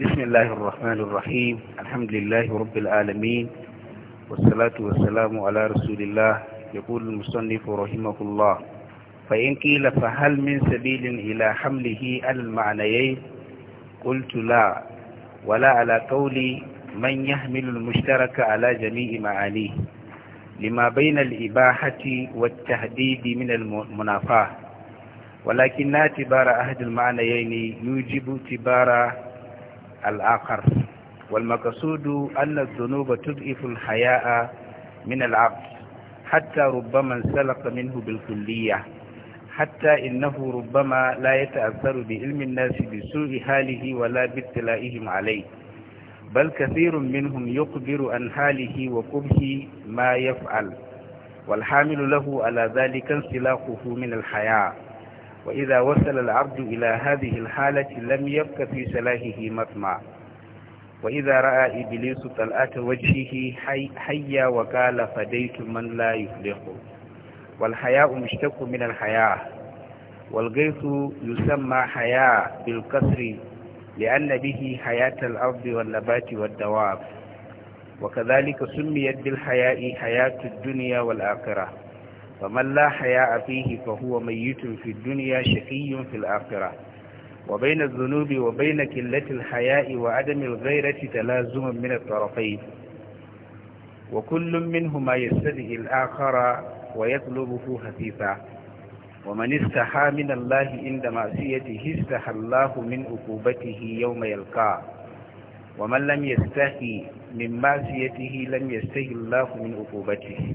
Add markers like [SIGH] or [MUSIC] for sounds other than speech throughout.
بسم الله الرحمن الرحيم الحمد لله رب العالمين والصلاة والسلام على رسول الله يقول المصنف رحمه الله فإن قيل فهل من سبيل إلى حمله على المعنيين قلت لا ولا على قولي من يحمل المشترك على جميع معانيه لما بين الإباحة والتهديد من المنافاة ولكن اعتبار أحد المعنيين يوجب اعتبار الآخر والمقصود أن الذنوب تضعف الحياء من العبد حتى ربما انسلق منه بالكلية حتى إنه ربما لا يتأثر بعلم الناس بسوء حاله ولا بابتلائهم عليه بل كثير منهم يقدر عن حاله وقبه ما يفعل والحامل له على ذلك انسلاقه من الحياء وإذا وصل العبد إلى هذه الحالة لم يبق في سلاهه مطمع وإذا رأى إبليس طلعة وجهه حي, حي وقال فديت من لا يفلح والحياء مشتق من الحياة والغيث يسمى حياء بالقصر لأن به حياة الأرض والنبات والدواب وكذلك سميت بالحياء حياة الدنيا والآخرة فمن لا حياء فيه فهو ميت في الدنيا شقي في الآخرة وبين الذنوب وبين قلة الحياء وعدم الغيرة تلازم من الطرفين وكل منهما يستدعي الآخر ويطلبه هفيفا ومن استحى من الله عند معصيته استحى الله من عقوبته يوم يلقاه ومن لم يستحي من معصيته لم يستحي الله من عقوبته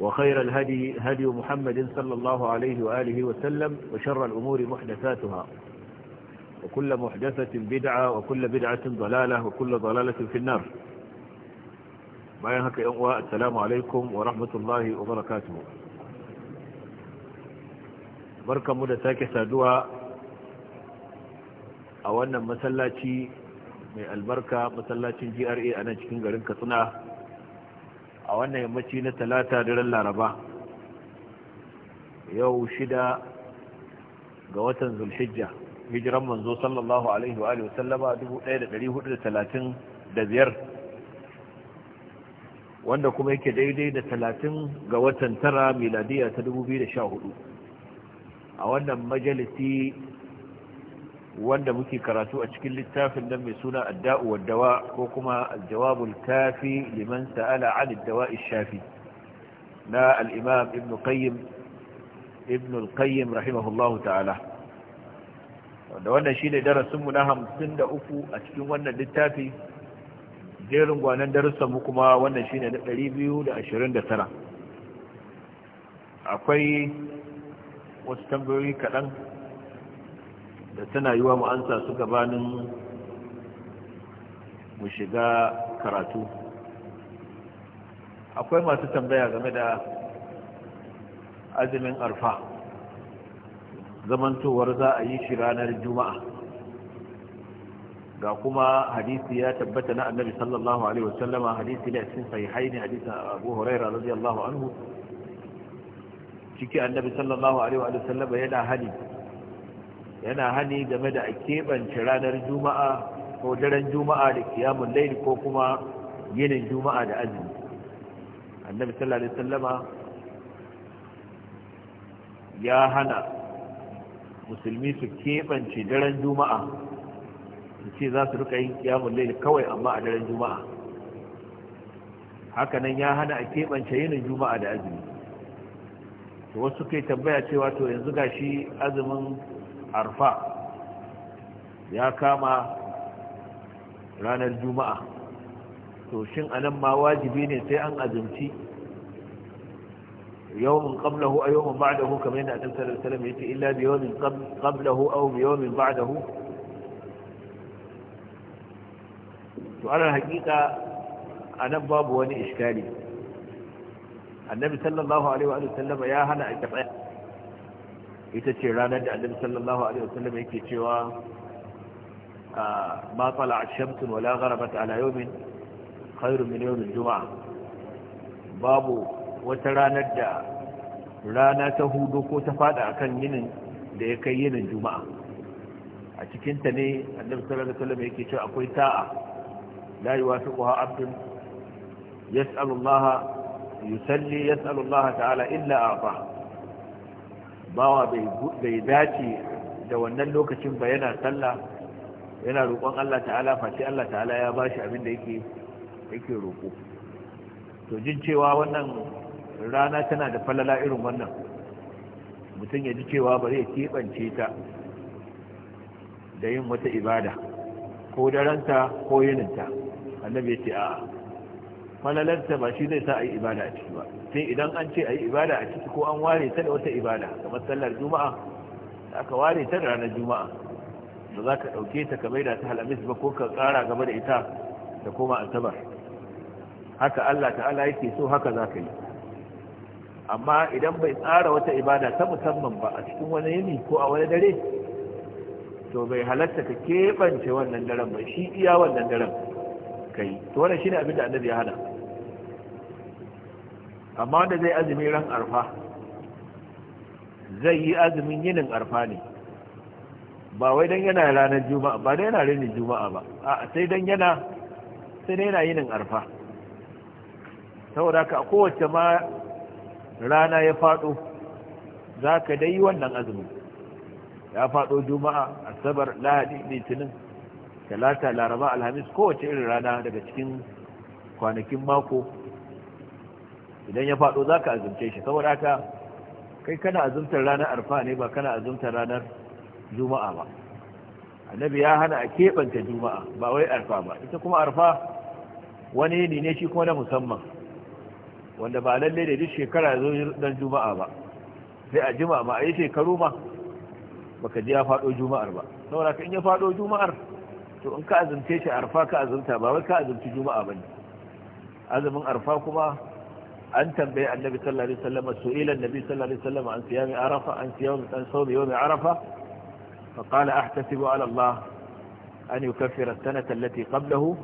وخير الهدي هدي محمد صلى الله عليه وآله وسلم وشر الأمور محدثاتها وكل محدثة بدعة وكل بدعة ضلالة وكل ضلالة في النار بايهك يقوى السلام عليكم ورحمة الله وبركاته بركة مدى ساكي سادوها أولا مسلاتي من البركة مسلاتي جي ار اي أنا جكين غرين كتناه a wannan yammaci na talata daren laraba yau shida ga watan zulhijja hijiran manzo sallallahu alaihi wa sallama 1435 wanda kuma yake daidai da talatin ga watan tara miladiya ta 2014 a wannan majalisi wanda muke karatu a cikin littafin nan mai suna adda'u wa dawa ko kuma jawabul kafi liman sa'ala an dawa'i shafi na al-imam ibn qayyim ibn al-qayyim rahimahullahu ta'ala wanda wannan shine darasin mu na 53 a cikin wannan littafi jerin gwanan darussan mu kuma wannan shine na 229 akwai wasu tambayoyi kaɗan da tana yi wa mu su gabanin mu shiga karatu akwai masu tambaya game da azumin arfa zamantowar za a yi shi ranar juma'a ga kuma hadisi ya tabbata na annabi sallallahu alaihi wasallama hadisi ne cikin sahihaini hadisin abu huraira radiyallahu anhu ciki annabi sallallahu alaihi wasallama yana hadisi yana hani game da a keɓance ranar juma'a ko daren juma'a da kiyamun laili ko kuma yinin juma'a da azumi annabi sallallahu alaihi wasallama ya hana musulmi su keɓance daren juma'a su ce za su rika yin kiyamun laili kawai amma a daren juma'a hakanan ya hana a keɓance yinin juma'a da azumi to wasu kai tambaya cewa to yanzu gashi azumin arfa ya kama ranar juma'a to shin anan ma wajibi ne sai an azumci yawmin qablahu aw yawmin ba'dahu kamar yadda annabi sallallahu alaihi ya ce illa bi yawmin qablahu aw bi yawmin ba'dahu to ana hakika anan babu wani iskali annabi sallallahu alaihi wa Sallama ya hana a tsaya ita ce ranar da annabi sallallahu alaihi wasallam yake cewa ah, ma tala ash-shams wala gharabat ala yawmin khairun min yawm al-jum'a babu wata ranar da rana ta hudu ko ta fada akan yinin da ya kai yinin juma'a a cikin ta ne annabi sallallahu alaihi wasallam yake cewa akwai ta'a la yuwafiquha abdun yas'alu Allah yusalli yas'alu Allah ta'ala illa a'tahu bawa bai dace da wannan lokacin ba yana sallah yana roƙon Allah ta'ala face Allah ta'ala ya ba shi abin da yake yake roƙo to jin cewa wannan rana tana da falala irin wannan mutum ya ji cewa bari ya keɓance ta da yin wata ibada ko daranta ko yininta annabi ya ce a'a falalarta ba shi zai sa a yi ibada a ciki ba sai idan an ce a yi ibada a ciki ko an ware ta da wata ibada kamar sallar juma'a da aka ware ta da ranar juma'a ba za ka ɗauke ta kamar da ta halamis ba ko ka ƙara gaba da ita da koma asabar haka allah ta'ala yake so haka za ka yi amma idan bai tsara wata ibada ta musamman ba a cikin wani yini ko a wani dare to bai halatta ka keɓance wannan daren ba shi iya wannan daren kai to wannan shine abin da annabi ya hana amma wanda zai azumi ran arfa zai yi azumin yinin arfa ne ba wai dan yana ranar juma'a ba dan yana ranar juma'a ba a sai dan yana sai dan yana yinin arfa saboda ka kowace ma rana ya fado za ka dai yi wannan azumin ya fado juma'a asabar lahadi litinin talata laraba alhamis kowace irin rana daga cikin kwanakin mako idan ya faɗo za ka azumce shi saboda haka kai kana azumtar ranar arfa ne ba kana azumtar ranar juma'a ba annabi ya hana a keɓanta juma'a ba wai arfa ba ita kuma arfa wani yini ne shi kuma na musamman wanda ba lalle da duk shekara zo dan juma'a ba sai a juma'a ba a yi shekaru ma baka ji ya faɗo juma'ar ba saboda ka in ya faɗo juma'ar to in ka azumce shi arfa ka azumta ba wai ka azumci juma'a ba ne azumin arfa kuma an tambaye annabi sallallahu alaihi wasallam su'ila annabi sallallahu alaihi wasallam an siyami arafa an siyami an sawmi yawmi arafa fa qala ahtasibu ala Allah an yukaffira as-sanata allati qablahu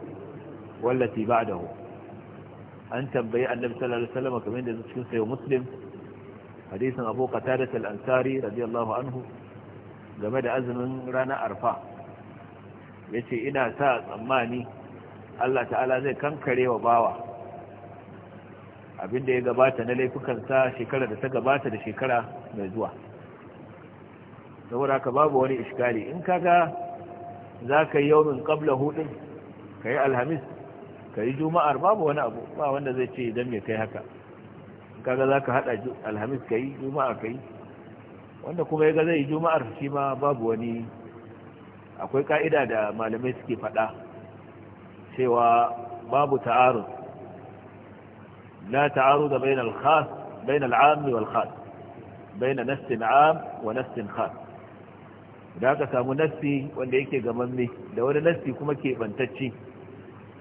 wallati ba'dahu an tambaye annabi sallallahu alaihi wasallam kamar da cikin sayo muslim hadisin abu qatadah al-ansari radiyallahu anhu game da azumin ranar arfa yace ina sa tsammani Allah ta'ala zai kankare wa bawa abinda ya gabata na laifukansa shekara da ta gabata da shekara mai zuwa saboda ka babu wani iskali in kaga za ka yi yawon kabla hudun ka yi alhamis ka yi juma'ar babu wani abu ba wanda zai ce idan mai kai haka in kaga za ka hada alhamis ka yi juma'a ka yi wanda kuma ya ga zai yi juma'ar shi ma babu wani akwai ka'ida da malamai suke fada cewa babu ta'arun لا تعارض بين الخاص بين العام والخاص بين نفس عام ونفس خاص da aka samu nassi wanda yake gamanne da wani nassi kuma ke bantacci,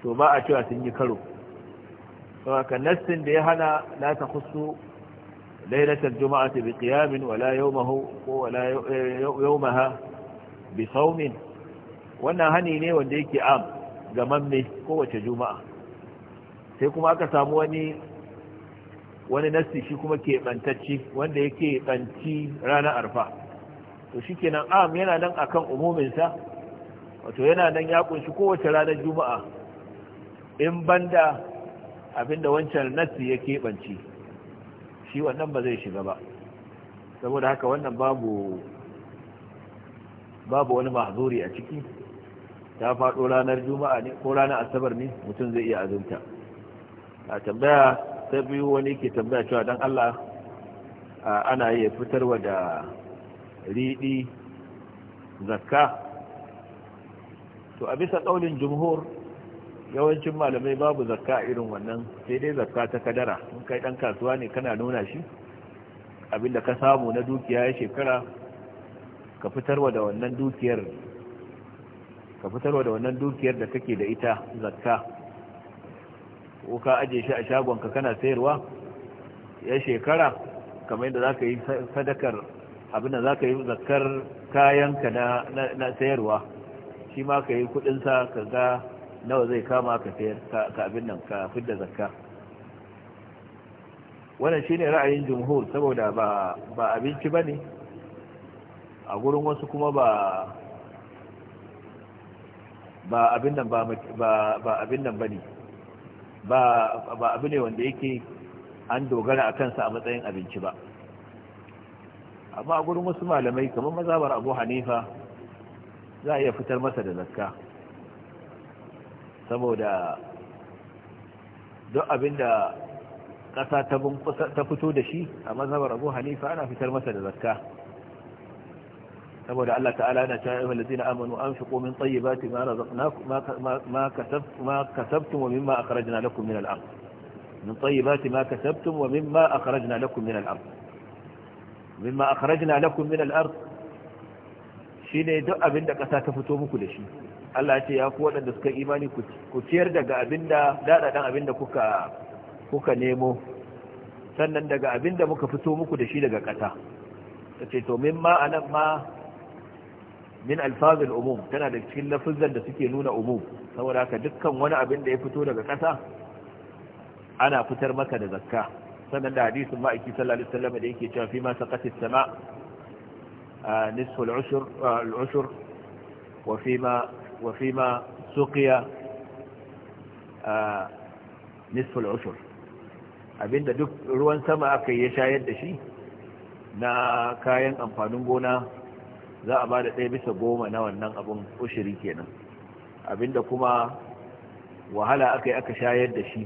to ba a cewa sun yi karo saboda nassin da ya hana la ta khusu lailatul juma'ati bi qiyamin wala yawmahu wala yawmaha bi sawmin wannan hani ne wanda yake am gamanne kowace juma'a sai kuma aka samu wani wani nasi shi kuma bantacci wanda yake banci ranar arfa to shi kenan am yana nan akan umuminsa wato yana nan ya kunshi kowace ranar juma'a in banda abinda wancan nasi ya banci shi wannan ba zai shiga ba saboda haka wannan babu babu wani mahzuri a ciki ta faɗo ranar juma'a ne ko ranar asabar ne mutum zai iya azumta a tambaya ta biyu wani ke tambaya cewa don Allah ana iya fitarwa da riɗi zakka to a bisa ƙaunin jumhur yawancin malamai babu zakka irin wannan sai dai zakka ta kadara in kai ɗan kasuwa ne kana nuna shi abinda ka samu na dukiya ya shekara ka fitarwa da wannan dukiyar ka fitarwa da wannan dukiyar da kake da ita zakka ko ka aje shi a shagonka kana sayarwa ya shekara kamar yadda za ka yi sadakar abin da za ka yi zakar kayanka na sayarwa shi ma ka yi kudinsa ka ga nawa zai kama ka sayar ka abin nan ka fidda zakka wannan shi ne ra'ayin jumhur saboda ba abinci ba ne a gurin wasu kuma ba abin nan ba ne ba abu ne wanda yake an dogara a kansa a matsayin abinci ba amma a gurin wasu malamai kamar mazabar abu hanifa za a iya fitar masa da zakka saboda duk abinda ƙasa ta fito da shi a mazabar abu hanifa ana fitar masa da zakka saboda Allah ta'ala yana cewa ayyuhal ladina amanu anfiqu min tayyibati ma razaqnakum ma kasabtum ma kasabtum wa mimma akhrajna lakum min al-ard min tayyibati ma kasabtum wa mimma akhrajna lakum min al-ard mimma akhrajna lakum min al-ard shine duk da ƙasa ta fito muku da shi Allah ya ce ya fi waɗanda suka imani ku ciyar daga abin abinda dadadan abinda kuka kuka nemo sannan daga abin da muka fito muku da shi daga ƙasa. ta ce to mimma nan ma min alfazil umum tana da cikin lafizan da suke nuna umum saboda haka dukkan wani abin da ya fito daga ƙasa ana fitar maka da zakka sannan da hadisin ma'aiki sallallahu alaihi wasallam da yake cewa fi ma saqati sama nisfu al ushur al wa fi ma wa fi ma suqiya nisfu al-ushr abinda duk ruwan sama aka yi shayar da shi na kayan amfanin gona za a ba da ɗaya bisa goma na wannan abin ushiri kenan abinda kuma wahala aka yi aka shayar da shi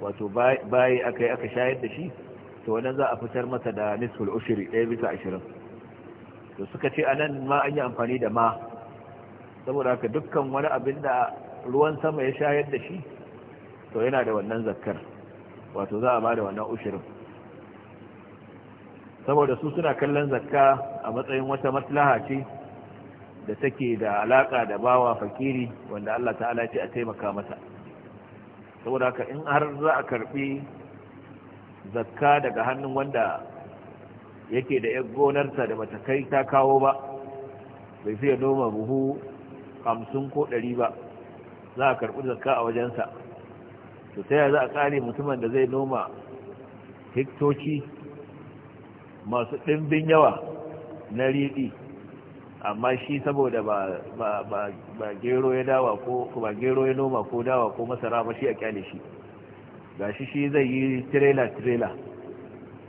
wato bayi aka yi aka shayar da shi to wannan za a fitar masa da nisful ushiri ɗaya bisa ashirin to suka ce a anan ma an yi amfani da ma saboda haka dukkan wani abin da ruwan sama ya shayar da shi to yana da wannan zakkar wato za a ba da wannan ushirin saboda su suna kallon zakka a matsayin wata maslaha ce da take da alaka da bawa fakiri wanda Allah ta'ala ce a taimaka masa saboda haka in har za a karbi zakka daga hannun wanda yake da yan gonarsa da bata kai ta kawo ba bai fiye noma buhu hamsin ko ɗari ba za a karɓi zakka a wajensa to ta za a kare mutumin da zai noma hektoci masu ɗimbin yawa na riɗi amma shi saboda ba gero ya dawa ko ba gero ya noma ko dawa ko masara ba shi a kyale shi ga shi shi zai yi tirela-tirela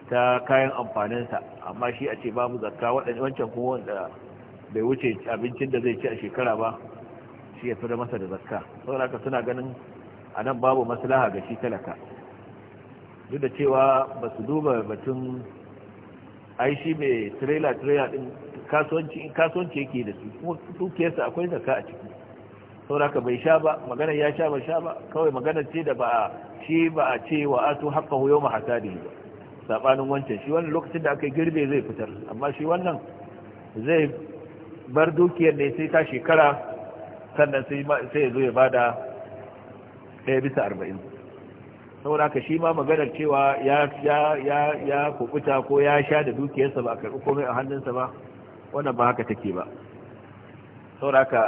ta kayan amfaninsa amma shi a ce babu zakka waɗanda wancan kuma wanda bai wuce abincin da zai ci a shekara ba shi ya fi masa da zakka saboda ka suna ganin a nan babu maslaha ga shi talaka duk da cewa ba su duba batun ai shi mai trailer trailer din kasuwanci kasuwanci yake da su kuma dukiyarsa akwai zaka a ciki sau sauraka bai sha ba magana ya sha ba sha ba kawai magana ce da ba a ce ba a ce wa haka ma ma yawma hasadihi ba sabanin wancan shi wannan lokacin da aka girbe zai fitar amma shi wannan zai bar dukiyar ne sai ta shekara sannan sai ya zo ya bada ɗaya bisa arba'in sauraka ka shi ma maganar cewa ya ya kubuta ko ya sha da dukiyarsa ba a karɓi komai a hannunsa ba wannan ba haka take ba saboda ka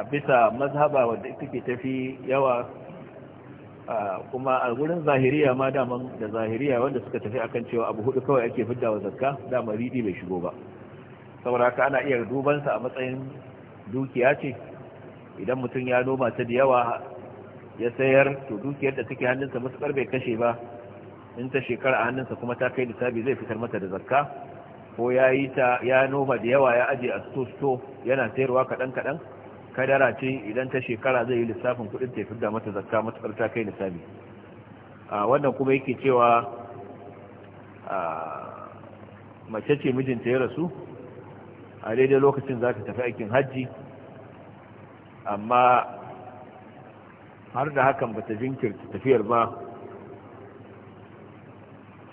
a bisa mazhaba wanda ke tafi yawa kuma a gurin zahiriya ma daman da zahiriya wanda suka tafi akan cewa abu hudu kawai ake fidda wa zakka dama ridi bai shigo ba sauraka ana iya dubansa a matsayin dukiya ce idan mutum ya noma ta da yawa ya sayar to dukiyar da take hannunsa matuƙar bai kashe ba in ta shekara a hannunsa kuma ta kai lissafi zai fitar mata da zakka ko ya yi ta ya noma da yawa ya aje a sto yana sayarwa kaɗan kaɗan kadara ce idan ta shekara zai yi lissafin kuɗin ta fitar mata zakka matuƙar ta kai lissafi wannan kuma yake cewa mace ce mijinta ya rasu a daidai lokacin za ta tafi aikin hajji amma har da hakan ba ta jinkirta tafiyar ba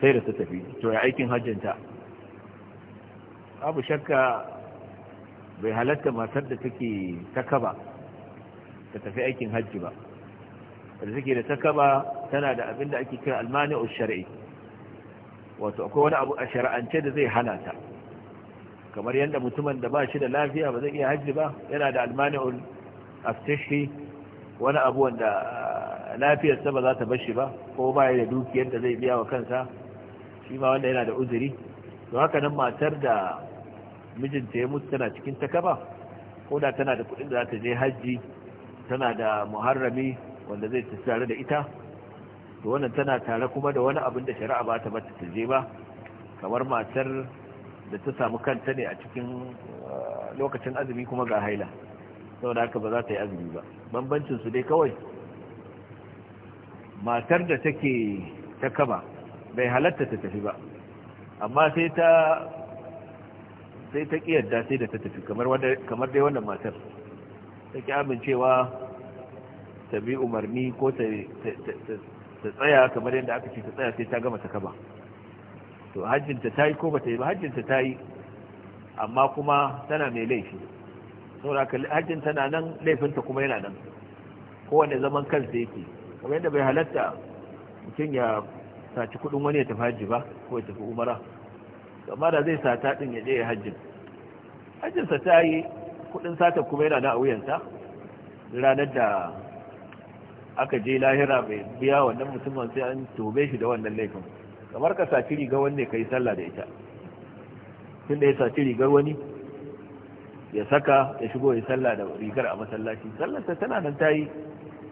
sai da ta tafi to ya aikin hajjanta abu shakka bai halatta matar da take takaba ta tafi aikin hajji ba da take da takaba tana da abin da ake kira almani'u shar'i wato akwai wani abu a shari'ance da zai hana ta kamar yadda mutumin da ba shi da lafiya ba zai iya hajji ba yana da almani'ul aftashi wani abu wanda ah, lafiyarsa ba za ta bashi ba ko ba ya da dukiyar da zai biya wa kansa shi ma wanda yana da uzuri to haka nan matar da mijinta ya mutu tana cikin takaba ko da tana da kuɗin da za ta je hajji tana da muharrami wanda zai ta tare da ita to wannan tana tare kuma da wani abin da shari'a ba ta bata ta je ba kamar matar da ta samu kanta ne a cikin ah, lokacin azumi kuma ga haila saboda haka ba za ta yi azumi ba bambancin su dai kawai matar da take ta kama bai halatta ta tafi ba amma sai ta sai ta kiyarda sai da ta tafi kamar wanda kamar dai wannan matar take amincewa ta bi umarni ko ta ta tsaya kamar yadda aka ce ta tsaya sai ta gama ta kama to hajjinta ta yi ko ba ta yi ba hajjinta ta yi amma kuma tana mai laifi kalli hajjin tana nan laifinta kuma yana nan kowane zaman kansa yake kamar yadda bai halatta mutum ya saci kudin wani ya tafi hajji ba ko ya tafi umara amma da zai sata din ya je ya hajjin sa ta yi kudin sata kuma yana nan a wuyansa ranar da aka je lahira bai biya wannan mutumin sai an tobe shi da wannan laifin kamar ka saci rigar wanne ka yi sallah da ita tun da ya saci rigar wani ya saka ya shigo ya sallah da rigar a masallaci sallarsa tana nan ta yi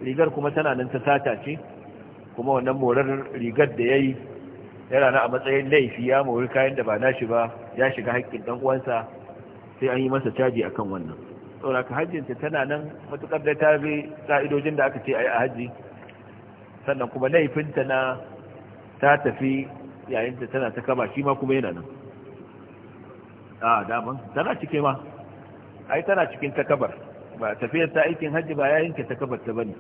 rigar kuma tana nan ta sata ce kuma wannan morar rigar da ya yi yana na a matsayin laifi ya mori kayan da ba nashi ba ya shiga haƙƙin ɗan uwansa sai an yi masa caji akan wannan saboda ka hajjinta tana nan matukar da ta bi ƙa'idojin da aka ce a yi a haji sannan kuma laifinta na ta tafi yayin da tana ta kama shi ma kuma yana nan a ah, daman tana cike ma ai tana cikin takabar ba tafiyar ta aikin haji ba ya yanke takabar ta bane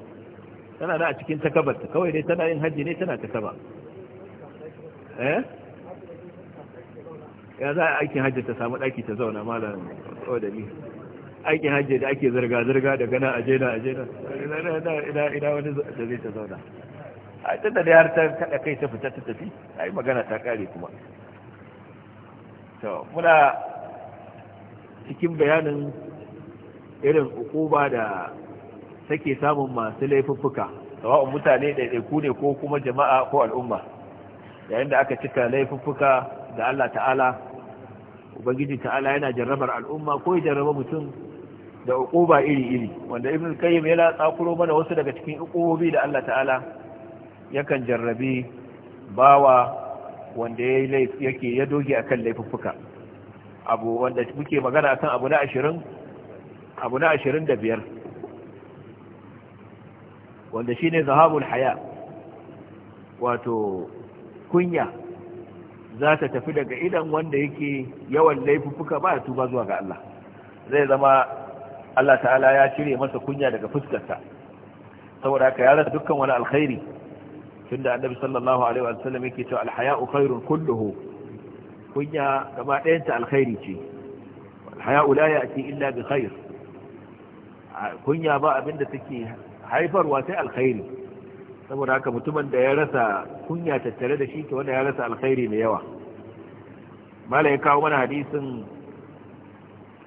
tana da a cikin takabar ta kawai dai tana yin haji ne tana takaba eh ya za a aikin hajji ta samu daki ta zauna malam ni aikin hajji da ake zirga zirga da gana aje na aje na ina ina wani da zai ta zauna a tunda da har ta kada kai ta fita ta tafi ai magana ta kare kuma to muna cikin bayanin irin ukuba da take samun masu laifuffuka sawa'un mutane ɗaiɗaiku ne ko kuma jama'a ko al'umma yayin da aka cika laifuffuka da Allah ta'ala ubangiji ta'ala yana jarrabar al'umma ko ya jarraba mutum da ukuba iri-iri wanda ibn kayyim yana tsakuro mana wasu daga cikin ukubobi da Allah ta'ala yakan jarrabi bawa wanda yake ya doge akan laifuffuka abu wanda muke magana kan abu na ashirin abu na ashirin da biyar wanda shi ne zahabul haya wato kunya za ta tafi daga idan wanda yake yawan laifuffuka ba ya tuba zuwa ga Allah zai zama Allah ta'ala ya cire masa kunya daga fuskarsa saboda haka ya rasa dukkan wani alkhairi tunda annabi sallallahu alaihi wa sallam yake cewa alhaya'u khairun kulluhu kunya gaba ɗayanta alkhairi ce alhaya'u la ake illa bi khair kunya ba abinda take haifarwa sai alkhairi saboda haka mutumin da ya rasa kunya tattare da shi to wanda ya rasa alkhairi mai yawa mala ya kawo mana hadisin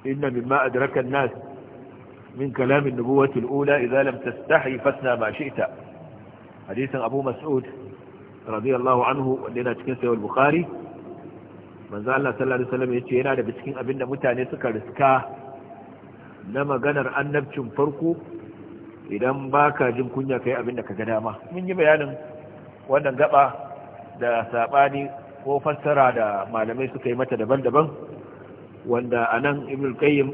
inna mimma adraka an-nas min kalamin an-nubuwati al-ula idza lam tastahi fasna ma shi'ta hadisin abu mas'ud radiyallahu anhu wanda yana cikin sahih al-bukhari manzo Allah sallallahu alaihi wasallam yace yana daga cikin abin da mutane suka riska na maganar annabcin farko idan baka jin kunya kai abin da kaga dama mun yi bayanin wannan gaba da sabani ko fassara da malamai suka yi mata daban-daban wanda anan ibn qayyim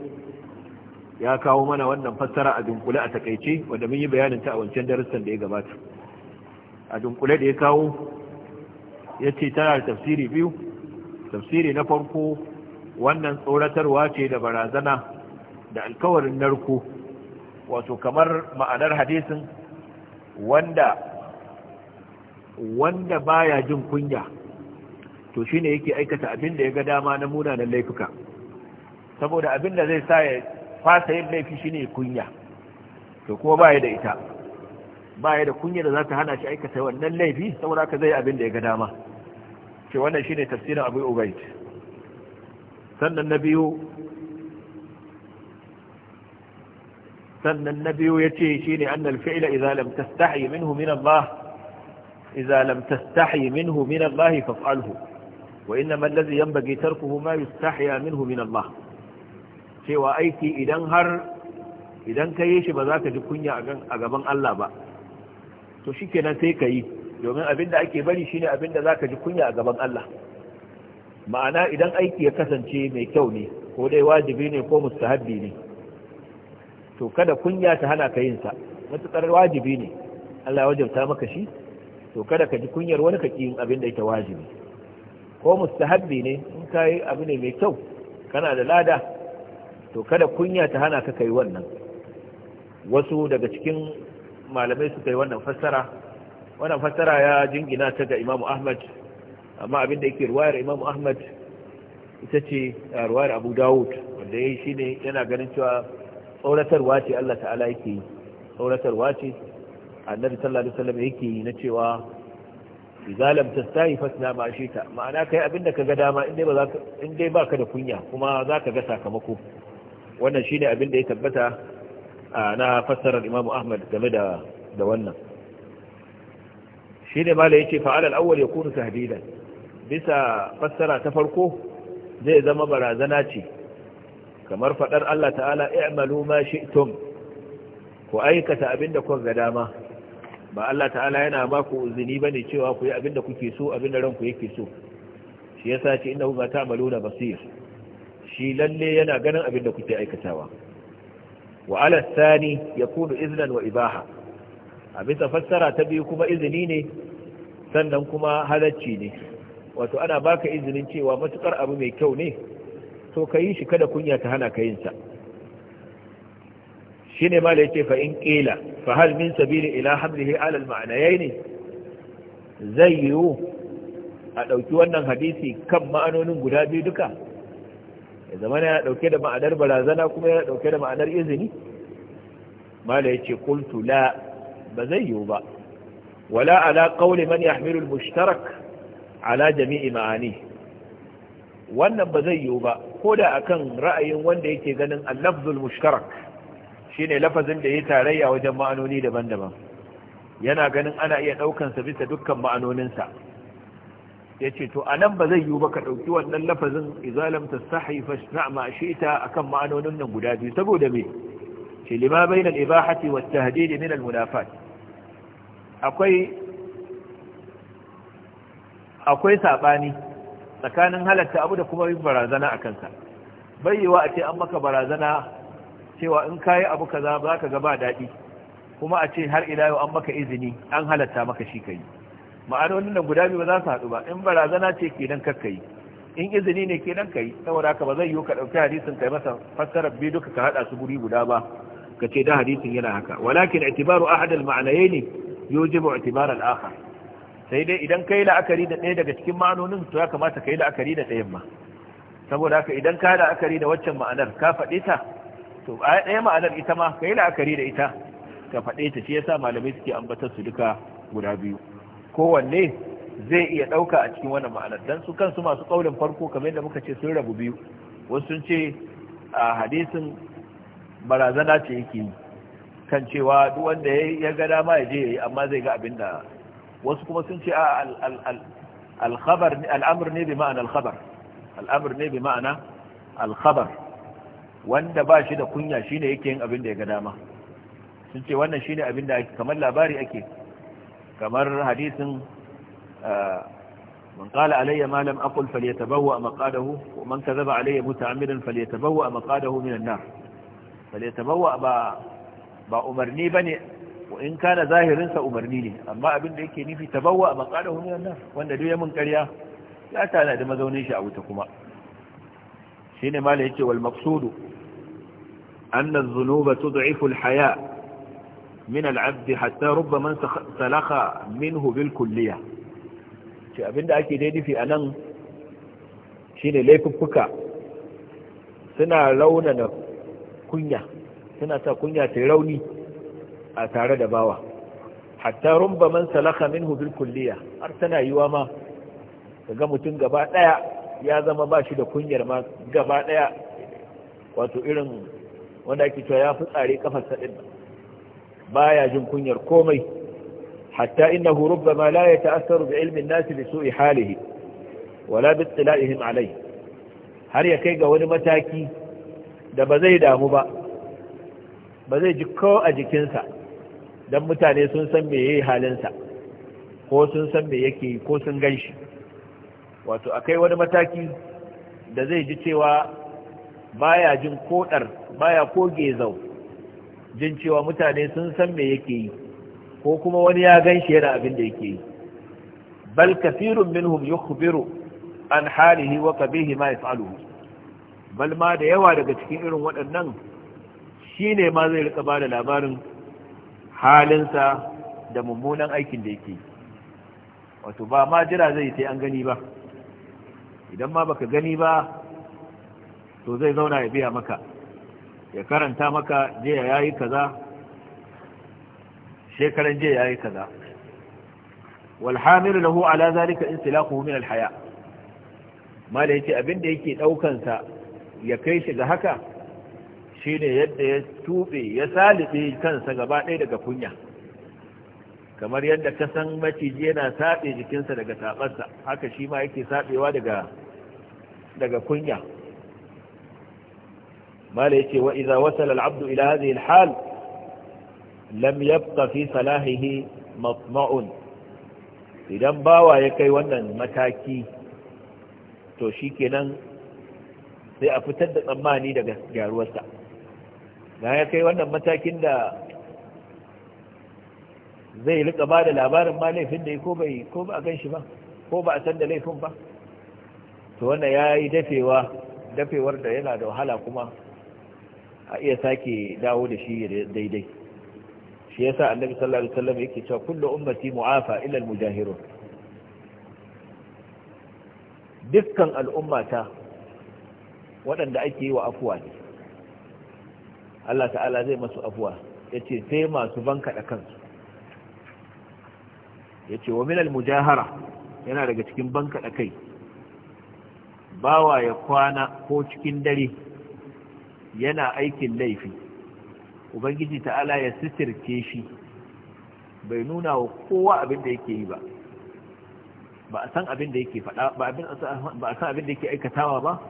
ya kawo mana wannan fassara a dunkule a takaice wanda mun yi bayanin ta a wancan darasin da ya gabata a dunkule da ya kawo yace tana da tafsiri biyu tafsiri na farko wannan tsoratarwa ce da barazana da alkawarin narko wato kamar ma'anar hadisin wanda wanda baya jin kunya to shine yake aikata abin da ya ga dama na munanan laifuka saboda abin da zai sa ya fasa yin laifi shine kunya to kuma baya da ita baya da kunya da za ta hana shi aikata wannan laifi saboda haka zai abin da ya ga dama ce wannan shine tafsirin abu ubaid sannan na biyu sannan na biyu yace shine annal fi'la idza lam tastahi minhu min Allah idza lam tastahi minhu min Allah faf'alhu wa innama allazi yanbaghi tarkuhu ma yastahya minhu min Allah cewa aiki idan har idan ka yi shi ba za ka ji kunya a gaban Allah ba to shikenan sai ka yi domin abin da ake bari shine abin da ka ji kunya a gaban Allah ma'ana idan aiki ya kasance mai kyau ne ko dai wajibi ne ko mustahabbi ne to kada kunya ta hana ka yin sa wajibi ne Allah ya wajabta maka shi to kada ka ji kunyar wani ka yin abin da yake wajibi ko mustahabbi ne in ka yi abu ne mai kyau kana da lada to kada kunya ta hana ka kai wannan wasu daga cikin malamai suka yi wannan fassara wannan fassara ya jingina ta ga Imam Ahmad amma abinda yake ruwayar Imam Ahmad ita ce uh, ruwayar Abu Dawud wanda ya yi shi ne yana ganin cewa tsoratarwa ce Allah ta'ala yake yi tsoratarwa ce annabi sallallahu alaihi wasallam yake yi na cewa izalam tastahi fasna ma shita ma'ana kai abinda ka ga dama in ba za baka da kunya kuma zaka ga sakamako wannan shine abinda ya tabbata uh, na fassarar imamu Ahmad game da wannan shi ne mala ya ce fa'alal awwal ya kunu tahdidan bisa fassara ta farko zai zama barazana ce kamar faɗar Allah ta'ala i'malu ma shi'tum ku aikata abinda kun ga dama ba Allah ta'ala yana ba ku uzini ne cewa ku yi abinda kuke so abinda ranku yake so shi yasa ce innahu ma ta'maluna basir shi lalle yana ganin abinda kuke aikatawa wa ala ya yakunu iznan wa ibaha a bisa fassara ta biyu kuma izini ne sannan kuma halacci ne wato ana baka izinin cewa matukar abu mai kyau ne to ka yi shi kada kunya ta hana ka yinsa shi ne ma da ya ce fa'in ƙila fa min sabili ila hamlihi alal ma'ana ma'anayai ne zai yiwu a ɗauki wannan hadisi kan ma'anonin guda biyu duka ya zama yana ɗauke da ma'anar barazana kuma yana ɗauke da ma'anar izini ma da ya ce kultu la ba zai yiwu ba wala ala qawli man yahmilu al-mushtarak ala jami'i ma'ani wannan ba zai yiwu ba ko da akan ra'ayin wanda yake ganin al-lafzul mushtarak shine lafazin da ya tarayya wajen ma'anoni daban-daban yana ganin ana iya ɗaukansa sa bisa dukkan ma'anoninsa ya ce to anan ba zai yiwu ba ka ɗauki wannan lafazin izalam ta sahi fasna'ma akan ma'anonin nan guda biyu saboda me ce lima bainal ibahati wa tahdid min al munafat akwai saɓani tsakanin halatta abu da kuma yin barazana a kansa bayyewa a ce an maka barazana cewa in kayi abu kaza za ka gaba daɗi kuma a ce har ila yau an maka izini an halatta maka shi kai ma'anonin da guda biyu ba za su haɗu ba in barazana ce kenan kakka yi in izini ne kenan kai saboda ka ba zai yiwu ka ɗauki hadisin kai masa fassarar biyu duka ka haɗa su guri guda ba ka ce da hadisin yana haka walakin itibaru ahad al ma'anayi ne yujibu i'tibar al-akhar sai dai idan kai la'akari da ɗaya daga cikin ma'anonin to ya kamata kai la'akari da ɗayan ma saboda haka idan ka la'akari da waccan ma'anar ka faɗe ta to a ɗaya ma'anar ita ma kai la'akari da ita ka faɗe ta shi yasa malamai suke ambatar su duka guda biyu kowanne zai iya ɗauka a cikin wannan ma'anar dan su kansu masu ƙaulin farko kamar yadda muka ce sun rabu biyu wasu sun ce a hadisin barazana ce yake yi kan cewa duk wanda ya ga dama ya je amma zai ga abin da wasu kuma sun ce al'amur ne bi ma'ana al al'amur ne bi ma'ana al wanda ba shi da kunya shi ne yake yin abin da ya ga dama sun ce wannan shi ne abin da kamar labari ake kamar hadisin من قال علي ما لم أقل فليتبوأ مقاده ومن كذب علي متعمدا فليتبوأ مقاده من النار فليتبوأ ba umarni bane in kana zahirinsa umarni ne amma abin da yake nufi bawa a maqalahu min nan wanda duk ya mun ƙarya ya tana da mazaunin shi a wuta kuma shine mala yace wal maksudu anna adh-dhunuba tud'ifu haya min al'abdi hatta hatta rubbama salaka min bil kulliya. ce abinda ake dai nufi a nan shi ne laifuffuka suna raunana kunya suna sa kunya ta rauni a tare da bawa hatta rumba man salaka min bil kulliya har tana yiwa ma ga mutum gaba daya ya zama ba shi da kunyar ma gaba daya wato irin wanda ake cewa ya fitsare kafar sadin baya jin kunyar komai hatta inda rubbama la yata'assaru bi ilmin an-nas bi su'i halihi wala bi ittila'ihim alai. har ya kai ga wani mataki da ba zai damu ba ba zai ji ko a jikinsa don mutane sun san me yi halinsa ko sun san me yake ko sun gan shi wato akai wani mataki da zai ji cewa baya jin kodar baya ko gezau jin cewa mutane sun san me yake yi ko kuma wani ya gan shi yana abin da yake yi bal kafirun minhum yukhbiru an halihi wa kabihi ma yaf'aluhu bal ma da yawa daga cikin irin waɗannan shi ne ma zai rika ba da labarin halinsa da mummunan aikin da yake wato ba ma jira zai sai an gani ba idan ma baka gani ba to zai zauna ya biya maka ya karanta maka jiya ya yi kaza shekaran jiya ya yi kaza walhamir lahu ala zalika insilaquhu min alhaya mala yace da yake daukan sa ya kai shi ga haka Shi ne yadda ya tube ya salife kansa gaba ɗaya daga kunya kamar yadda ka san maciji yana saɓe jikinsa daga saɓarsa haka shi ma yake saɓewa daga daga kunya mala ya wa idza wasala al-abdu ila hadhihi lam yabqa fi salahihi matma'un idan bawa ya kai wannan mataki to shikenan sai a fitar da tsammani daga gyaruwarsa na ya kai wannan matakin da zai rika ba da labarin ma laifin da ya ko bai ba a gan shi ba ko ba a san da laifin ba to wannan ya yi dafewa dafewar da yana da wahala kuma a iya sake dawo da shi daidai shi yasa annabi sallallahu alaihi wasallam yake cewa kullu ummati mu'afa illa al-mujahirun dukkan al'ummata waɗanda ake yi wa afuwa ne Allah ta'ala zai masu afuwa ya ce sai masu banka da kansu ya ce wa minal mujahara yana daga cikin banka da kai bawa ya kwana ko cikin dare yana aikin laifi ubangiji ta'ala ya sitirke shi bai nuna wa kowa abin da yake yi ba ba a san abin da yake fada ba a san abin da yake aikatawa ba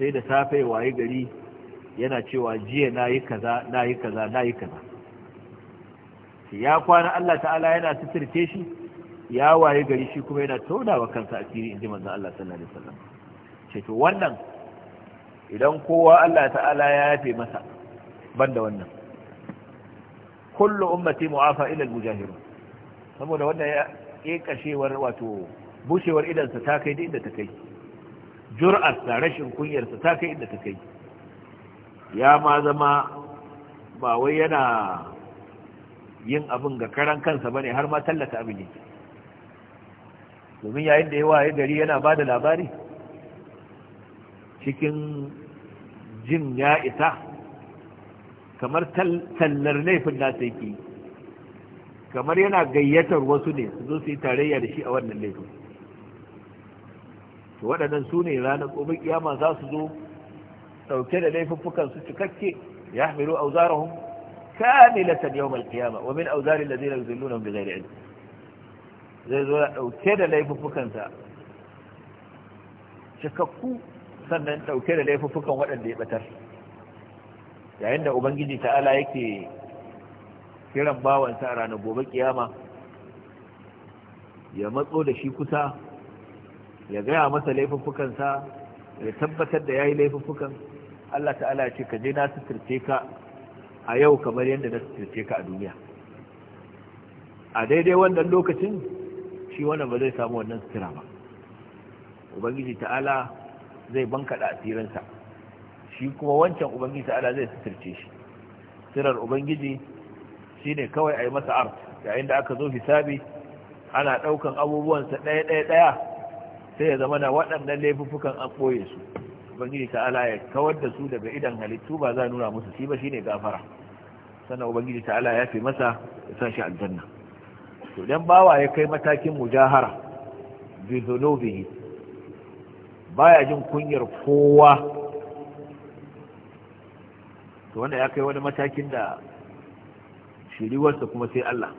sai da safe waye gari yana cewa jiya na yi kaza na yi kaza na yi kaza ya kwana Allah ta'ala yana tuturce shi ya waye gari shi kuma yana taunawa kansa a fili inji manzon Allah sallallahu alaihi wasallam ce to wannan idan kowa Allah ta'ala ya yafe masa banda wannan kullu ummati mu'afa ila al mujahirin saboda wannan ya kekashewar wato bushewar idansa ta kai da inda ta kai jur'ar rashin sa ta kai inda ta kai ya ma zama ba wai yana yin abin ga karan kansa ba ne har ma tallata abin ne domin yayin da yawa ya gari yana ba da labari cikin jin ya isa kamar tallar laifin nasa yake kamar yana gayyatar wasu ne su zo su yi tarayya da shi a wannan laifin waɗannan su ne ranar ƙobin kiyama za su zo dauke da laifuffukan su cikakke yahmilu kamila kamilatan yau mai kiyama wa min da alladhina yudhillunahum bighairi bi zai zo dauke da laifuffukansa cikakku sannan dauke da laifuffukan waɗanda ya batar yayin da ubangiji ta'ala yake kiran bawansa a ranar gobe kiyama ya matso da shi kusa ya gaya masa laifuffukansa ya tabbatar da ya yi laifuffukansa Allah ta'ala ya ce ka je na suturce ka a yau kamar yadda na suturce ka a duniya a daidai wannan lokacin shi wannan ba zai samu wannan sutura ba ubangiji ta'ala zai bankada asirinsa shi kuma wancan ubangiji ta'ala zai suturce shi sirar ubangiji shi ne kawai a yi masa art yayin da aka zo hisabi ana ɗaukan abubuwansa ɗaya ɗaya ɗaya sai ya zama na waɗannan laifuffukan an ɓoye su ubangiji ta'ala ya kawar da su daga idan halittu ba za nuna musu shi ba shine gafara sannan ubangiji ta'ala ya fi masa ya sa shi aljanna to dan bawa ya kai matakin mujahara bi dhunubihi baya jin kunyar kowa to wanda ya kai wani matakin da shiriwarsa kuma sai Allah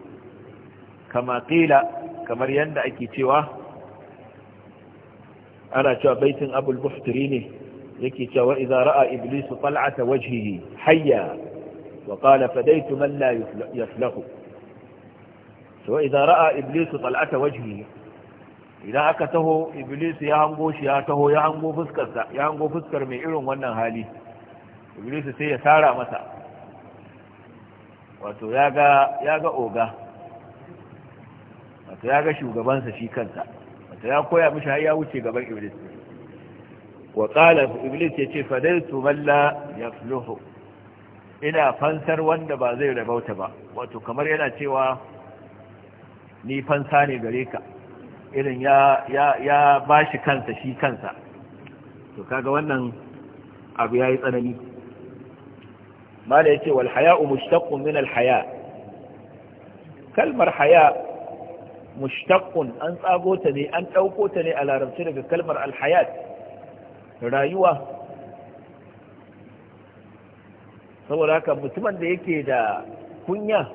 kama qila kamar yanda ake cewa ana cewa baitin abul buhtiri ne yake cewa idza ra'a iblisu tal'ata wajhihi hayya wa qala fadaitu man la yaflahu to idza ra'a iblisu tal'ata wajhihi idan aka taho iblisu ya hango shi ya taho ya hango fuskar ya hango fuskar mai irin wannan hali Iblis sai ya tara masa wato ya ga ya ga oga wato ya ga shugabansa shi kansa wato ya koya mishi har ya wuce gaban iblis wa qala iblis yace fadaitu malla ya yafluhu ina fansar wanda ba zai rabauta ba wato kamar yana cewa ni fansa ne gare ka irin ya ya ya bashi kansa shi kansa to kaga wannan abu yayi tsanani mala yace ce haya'u mushtaqqun min al kalmar haya' mushtaqun an tsago ta ne an ɗauko ta ne a larabci daga kalmar alhayat rayuwa saboda haka mutumin da yake da kunya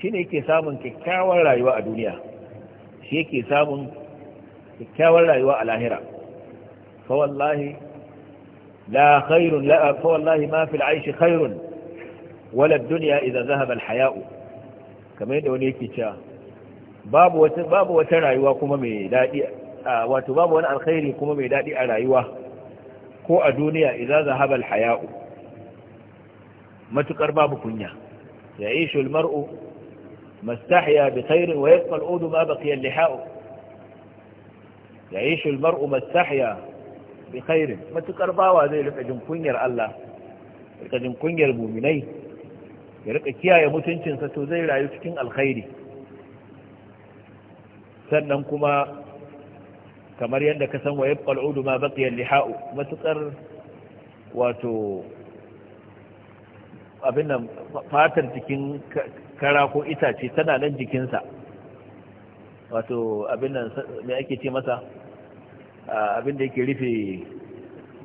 shi ne yake samun kyakkyawar rayuwa a duniya shi yake samun kyakkyawar rayuwa a lahira fawallahi la khairun la fawallahi ma fil aishi khairun wala duniya idan zahaba al haya'u kamar yadda wani yake cewa babu wata babu wata rayuwa kuma mai daɗi wato babu wani alkhairi kuma mai daɗi a rayuwa ko a duniya idza zahaba alhaya'u matukar babu kunya ya'ishu almar'u mastahya bi khairin wa yabqa al'udu ma baqiya al-liha'u ya'ishu almar'u mastahya bi khairin matukar bawa zai rika jin kunyar Allah rika jin kunyar mu'minai ya rika kiyaye mutuncinsa to zai rayu cikin alkhairi sannan kuma kamar yadda ka san wa yabqal ma baqiya liha'u matukar wato abin nan fatar jikin kara ko itace tana nan jikinsa wato abin nan mai ake ce masa abin da yake rufe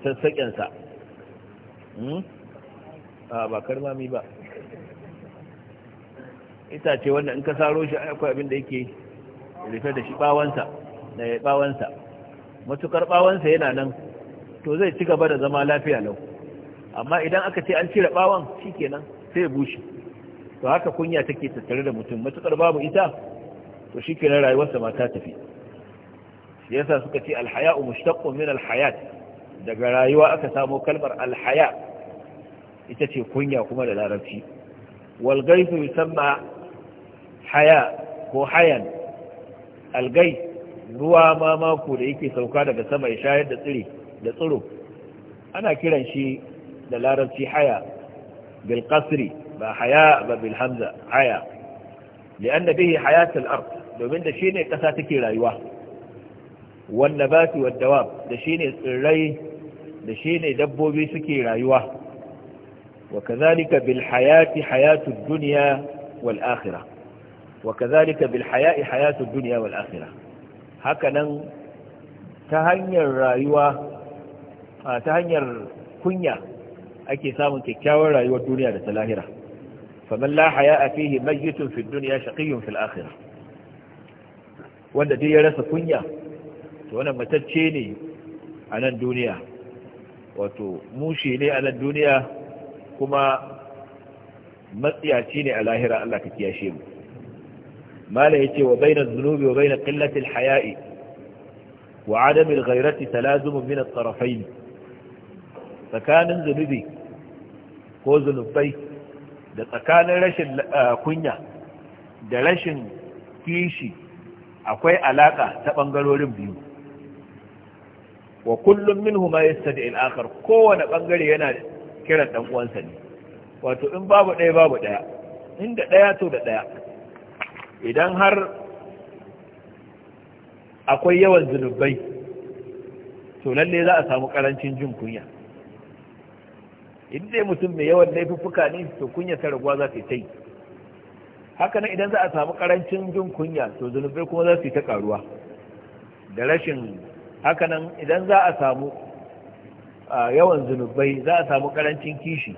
sassaƙensa hmm? ba karmami ba itace wanda in ka saro shi akwai abin da yake rufe da shi bawansa da eh, bawansa matukar bawansa yana nan to zai ci gaba da zama lafiya lau amma idan aka ce an cire bawan kenan sai bushe to haka kunya take tattare da mutum matukar babu ita to shikenan rayuwarsa ma ta tafi yasa suka ce alhaya mushtaqqun min alhayat daga rayuwa aka samo kalmar alhaya ita ce kunya kuma da larabci wal ghaythu yusamma haya ko hayan algai ruwa ma mako da yake sauka daga sama ya shayar da tsiri da tsiro ana kiran shi da larabci haya bil qasri ba haya ba bil hamza haya lianna bihi hayatul ard domin da shine kasa take rayuwa wan nabati wad dawab da shine tsirrai da shine dabbobi suke rayuwa wa kadhalika bil hayati hayatud dunya wal akhirah وكذلك بالحياء حياة الدنيا والآخرة hakanan ta hanyar rayuwa ta hanyar kunya ake samun kyakkyawar rayuwar duniya da ta lahira faman la haya'a fihi mayyitun fid dunya shaqiyyun fil akhirah wanda duk ya rasa kunya to wannan matacce ne a nan duniya wato mushi ne a nan duniya kuma matsiyaci ne a lahira Allah ka kiyashe mu mala ce wa baina zunubi wa bain qillati alhaya'i wa adam alghayrati talazum min at-tarafayn tsakanin zunubi ko zunubai da tsakanin rashin kunya da rashin kishi akwai alaƙa ta ɓangarorin biyu wa kullum min ma yastadi akar akhar kowane bangare yana kiran ɗan uwansa ne wato in babu ɗaya babu ɗaya inda ɗaya to da ɗaya idan har akwai yawan zunubai to lalle za a samu karancin jin kunya idan dai mutum mai yawan laifuffuka ne to kunya ta raguwa za ta yi haka nan idan za a samu karancin jin kunya to zunubai kuma za su yi ta karuwa da rashin haka nan idan za a samu yawan zunubai za a samu karancin kishi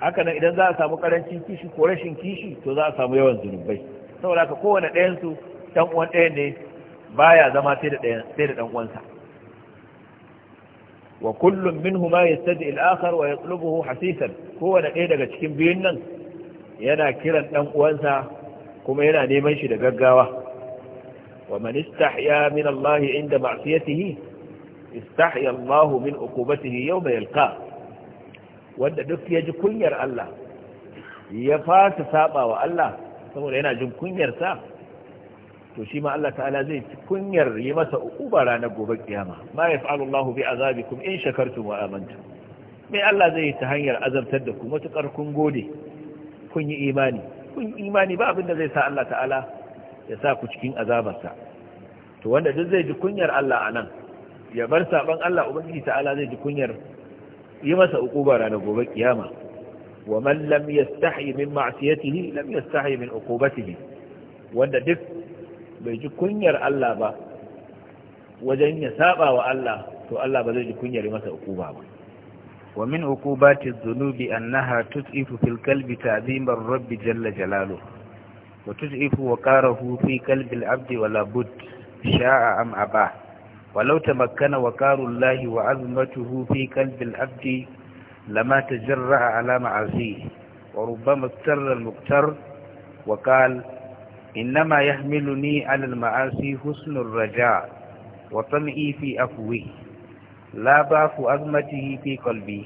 haka nan idan za a samu karancin kishi ko rashin kishi to za a samu yawan zunubai saboda ka kowane ɗayan su uwan ɗayan ne baya zama sai da ɗayan dan uwansa wa kullum minhuma yastadi al-akhar wa yatlubuhu hasisan kowane ɗaya daga cikin biyun nan yana kiran ɗan uwansa kuma yana neman shi da gaggawa wa man istahya min Allah inda ma'siyatihi istahya Allah min uqubatihi yawma yalqa wanda duk ya ji kunyar Allah ya fasa saba wa Allah saboda yana jin kunyarsa to shi ma Allah ta'ala zai ci kunyar yi masa uba ranar gobe kiyama ma yaf'alu Allahu bi azabikum in shakartum wa amantum Me Allah zai ta hanyar azabtar da ku matukar kun gode kun yi imani kun yi imani ba abin da zai sa Allah ta'ala ya sa ku cikin azabarsa to wanda duk zai ji kunyar Allah anan ya bar saban Allah ubangiji ta'ala zai ji kunyar yi masa uquba ranar gobe kiyama ومن لم يستحي من معصيته لم يستحي من عقوبته wanda duk bai ji kunyar Allah ba wajen ya saba wa Allah to Allah ba zai ji kunyar masa hukuma ba wa min uqubati dhunubi annaha tud'ifu fil qalbi ta'zima ar-rabb jalla Jalalu. wa tud'ifu waqarahu fi qalbi al-'abd wa la bud sha'a am aba ولو تمكن وقار الله وعظمته في قلب العبد لما تجرأ على معاصيه وربما اضطر المقتر وقال إنما يحملني على المعاصي حسن الرجاء وطمئي في أفوه لا ضعف أزمته في قلبي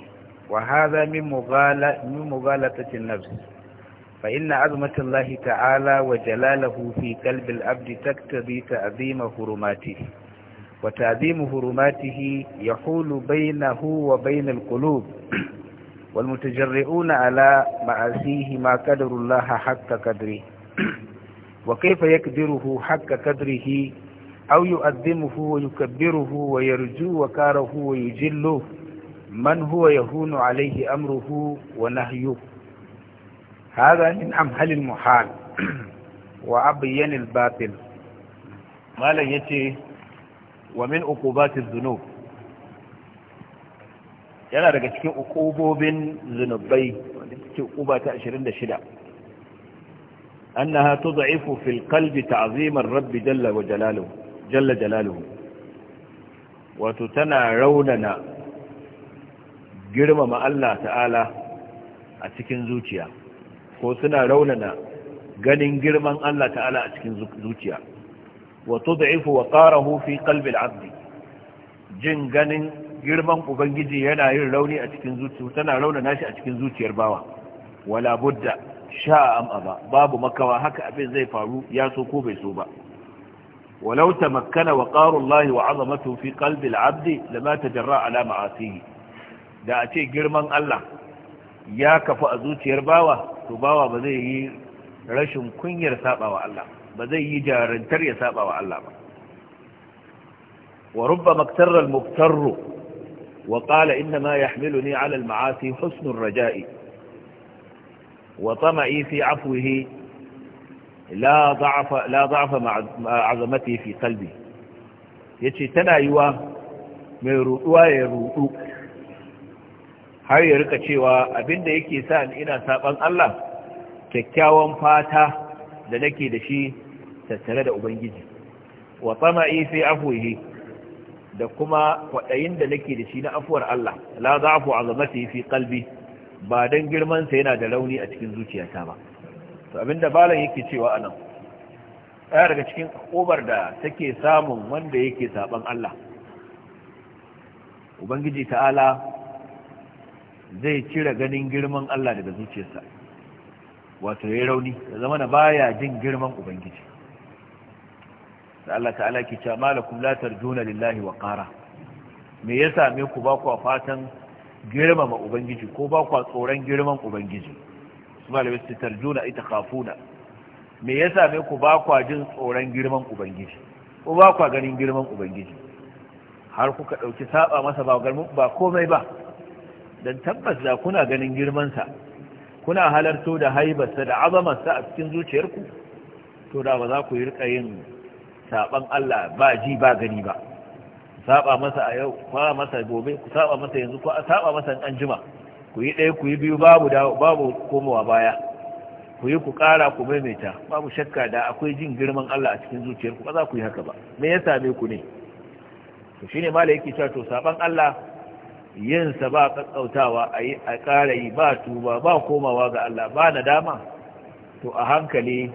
وهذا من مغالطة من مغالطة النفس فإن عظمة الله تعالى وجلاله في قلب العبد تقتضي تعظيم حرماته وتعظيم هرماته يحول بينه وبين القلوب [CLEARS THROAT] والمتجرئون على معاسيه ما قدر الله حق قدره [CLEARS THROAT] وكيف يقدره حق قدره أو يؤذمه ويكبره ويرجو وكاره ويجله من هو يهون عليه أمره ونهيه هذا من أمهل المحال [CLEARS THROAT] وأبين الباطل ما لا يتي wa min uqubatiz dhunub yana daga cikin uqubobin zunubai wanda take uquba ta 26 annaha tud'ifu fil qalbi ta'zima ar-rabb jalla wa jalaluhu jalla jalaluhu wato tana raunana girmama Allah ta'ala a cikin zuciya ko suna raunana ganin girman Allah ta'ala a cikin zuciya Wato tud'ifu wa qarahu fi qalbi al jin ganin girman ubangiji yana yin rauni a cikin zuciya tana rauna nashi a cikin zuciyar bawa wala budda sha am aba babu makawa haka abin zai faru ya so ko bai so ba ولو تمكن wa الله وعظمته في abdi العبد لما تجرى على معاصيه da a ce girman Allah ya kafu a zuciyar bawa to bawa ba zai yi rashin kunyar saɓawa Allah ba zai yi jarantar ya saba wa Allah ba wa rubba maktarra al-muftarru wa qala inna ma yahmiluni ala al-ma'asi husnur raja'i wa tama'i fi afwihi la da'afa la da'afa ma'azamati fi qalbi yace tana yiwa mai ruduwa ya rudu har ya rika cewa abinda yake sa ina saban Allah kyakkyawan fata da nake da shi tattare da ubangiji wa tama'i fi afwihi da kuma kwaɗayin da nake da shi na afuwar Allah la fuwa azamati fi kalbi, ba don girmansa yana da rauni a cikin zuciyata ba to abinda balan yake cewa anan ɗaya daga cikin ƙobar da take samun wanda yake saban Allah ubangiji ta'ala zai cire ganin girman Allah daga zuciyarsa wato ya rauni da zama na baya jin girman ubangiji da Allah ta'ala ki ce malakum la tarjuna lillahi wa qara me ya same ku ba ku fatan girmama ubangiji ko ba ku tsoron girman ubangiji su malamai su tarjuna ita kafuna me ya same ku ba ku jin tsoron girman ubangiji ko ba ku ganin girman ubangiji har kuka dauki saba masa ba ba komai ba dan tabbas da kuna ganin girman sa kuna halarto da haibarsa da azamarsa a cikin zuciyarku to da ba za ku yi rika yin saban Allah ba ji ba gani ba saba masa a yau fa masa gobe ku saba masa yanzu ko saba masa an juma ku yi ɗaya ku yi biyu babu babu komowa baya ku yi ku ƙara ku maimaita babu shakka da akwai jin girman Allah a cikin zuciyarku ba za ku yi haka ba me ya same ku ne to shine malai yake cewa to saban Allah yin sa ba kakkautawa a yi a ƙara yi ba tuba ba komawa ga Allah ba nadama to a hankali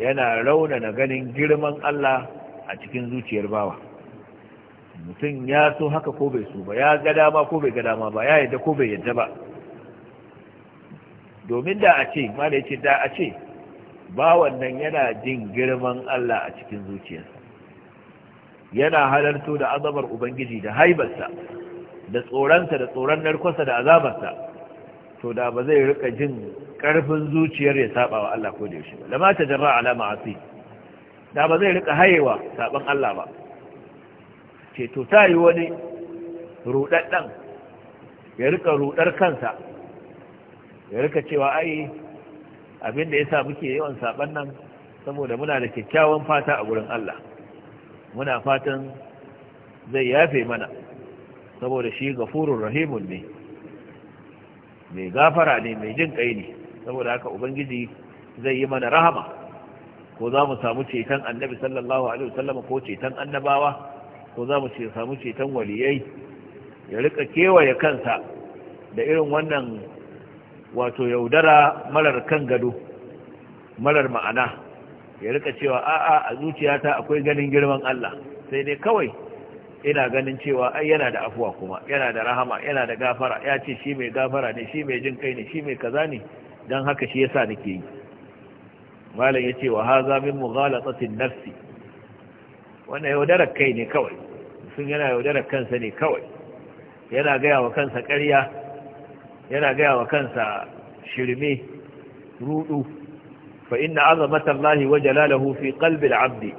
yana rauna na ganin girman Allah a cikin zuciyar bawa mutum ya so haka ko bai so ba ya ga dama ko bai ga dama ba ya yadda ko bai yadda ba domin da a ce ma da ya ce da a ce bawan nan yana jin girman Allah a cikin zuciyarsa yana halarto da azabar ubangiji da haibarsa da tsoronsa da tsoron narkwasa da azabarsa to da ba zai rika jin karfin zuciyar ya saba wa Allah ko da yaushe ba lamma ta jarra ala ma'asi da ba zai rika hayewa saban Allah ba ce to ta yi wani rudaddan ya rika rudar kansa ya rika cewa ai abin da yasa muke yawan saban nan saboda muna da kyakkyawan fata a gurin Allah muna fatan zai yafe mana saboda shi gafurur rahimun ne mai gafara ne mai jin kai ne saboda haka ubangiji zai yi mana rahama ko za mu samu ceton annabi sallallahu alaihi wasallam ko ceton annabawa ko za mu samu ceton waliyai ya rika kewaye kansa da irin wannan wato yaudara marar kan gado marar ma'ana ya rika cewa a'a a zuciyata akwai ganin girman Allah sai dai kawai ina ganin cewa ai yana da afuwa kuma yana da rahama yana da gafara ya ce shi mai gafara ne shi mai jin kai ne shi mai kaza ne don haka shi yasa nake yi malam ya ce wa haza min mughalatatin nafsi wannan yaudarar kai ne kawai sun yana yaudarar kansa ne kawai yana gaya wa kansa ƙarya yana gaya wa kansa shirme rudu fa inna azamatallahi wa jalalahu fi qalbi al-abdi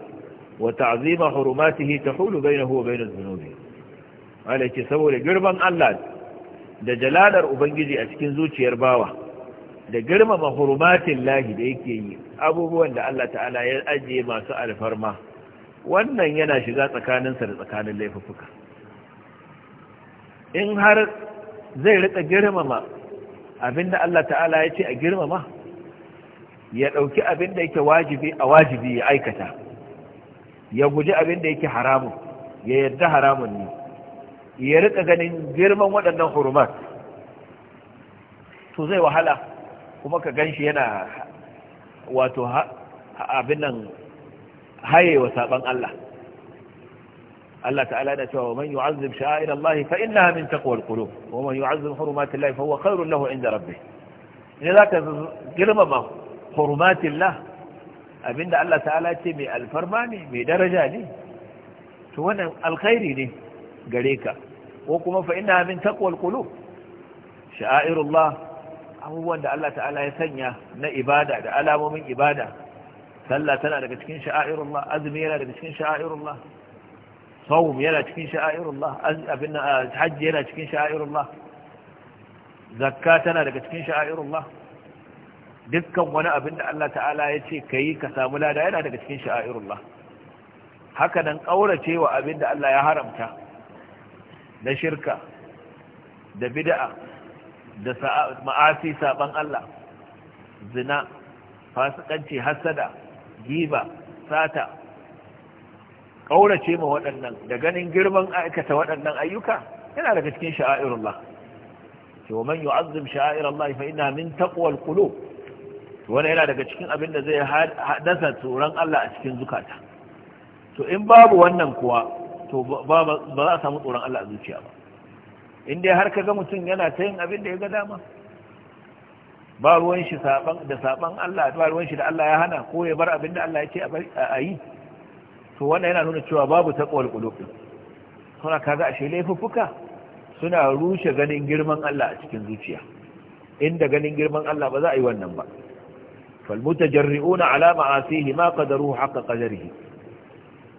wa ta'zima hurumatihi tahulu bainahu wa bainaz Malam malaki saboda girman Allah da jalalar ubangiji a cikin zuciyar bawa da girmama hurumatin lahi da yake yi abubuwan da Allah ta'ala ya ajiye masu alfarma wannan yana shiga tsakaninsa da tsakanin laifuka in har zai rika girmama abinda Allah ta'ala ya ce a girmama ya ɗauki abinda yake wajibi a wajibi ya aikata ya guji abinda yake haramun ya yadda haramun ne ya rika ganin girman waɗannan hurumat to zai wahala kuma ka ganshi yana wato abin nan haye wa saban Allah Allah ta'ala da cewa man yu'azzim sha'air Allah fa innaha min taqwal qulub wa man yu'azzim hurumat Allah fa huwa khairun lahu inda rabbih ne zaka girmama Allah? abinda Allah ta'ala ce mai alfarma ne mai daraja ne to wannan alkhairi ne gare ka ko kuma fa inna min taqwal qulub sha'airullah abubuwan da Allah ta'ala ya sanya na ibada da alamomin ibada sallah tana daga cikin sha'airullah azumi yana daga cikin sha'airullah sawm yana cikin sha'airullah abin ah, hajji yana cikin sha'airullah zakka tana daga cikin sha'airullah dukkan wani abin da Allah ta'ala ya ce kai ka samu lada yana daga cikin sha'airullah haka nan kaurace abin da Allah ya haramta na shirka da bid'a da ma'asi saban Allah zina fasikanci hasada giba sata kaurace ma waɗannan da ganin girman aikata waɗannan ayyuka yana daga cikin sha'airullah ce wa man yu'azzim sha'airullah fa inna min taqwal qulub wani yana daga cikin abin da zai haddasa tsoron Allah a cikin zukata to in babu wannan kuwa to ba za a samu tsoron Allah a zuciya ba inda har ka ga mutum yana ta yin abin da ya ga dama ba ruwan shi da saban Allah ba ruwan shi da Allah ya hana ko ya bar abin da Allah ya ce a yi to wanda yana nuna cewa babu taqwal qulub suna kaga ashe laifuffuka suna rushe ganin girman Allah a cikin zuciya inda ganin girman Allah ba za a yi wannan ba fal mutajarri'una ala ma'asihi ma qadaruhu haqqa qadarihi